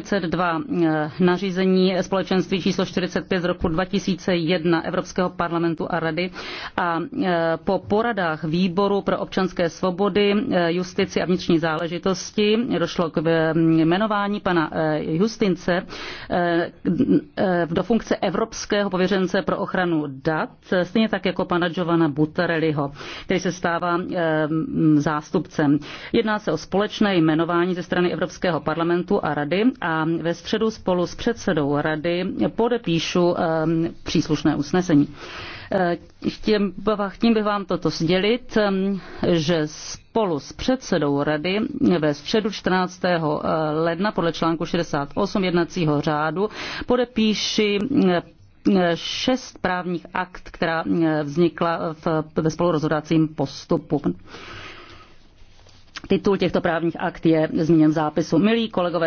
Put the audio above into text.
42 eh, nařízení společenství číslo 45 z roku 2001 Evropského parlamentu a rady a eh, po poradách výboru pro občanské svobody, eh, justici a vnitřní záležitosti došlo k jmenování pana Justince do funkce Evropského pověřence pro ochranu dat, stejně tak jako pana Giovanna Butarelliho, který se stává zástupcem. Jedná se o společné jmenování ze strany Evropského parlamentu a rady a ve středu spolu s předsedou rady podepíšu ehm, příslušné usnesení. Eh, chtím bych vám toto sdělit, ehm, že spolu s předsedou rady ve středu 14. Eh, ledna podle článku 68 jednacího řádu podepíši eh, šest právních akt, která vznikla v, ve spolurozhodacím postupu. Titul těchto právních akt je zmíněn v zápisu. Milí kolegové,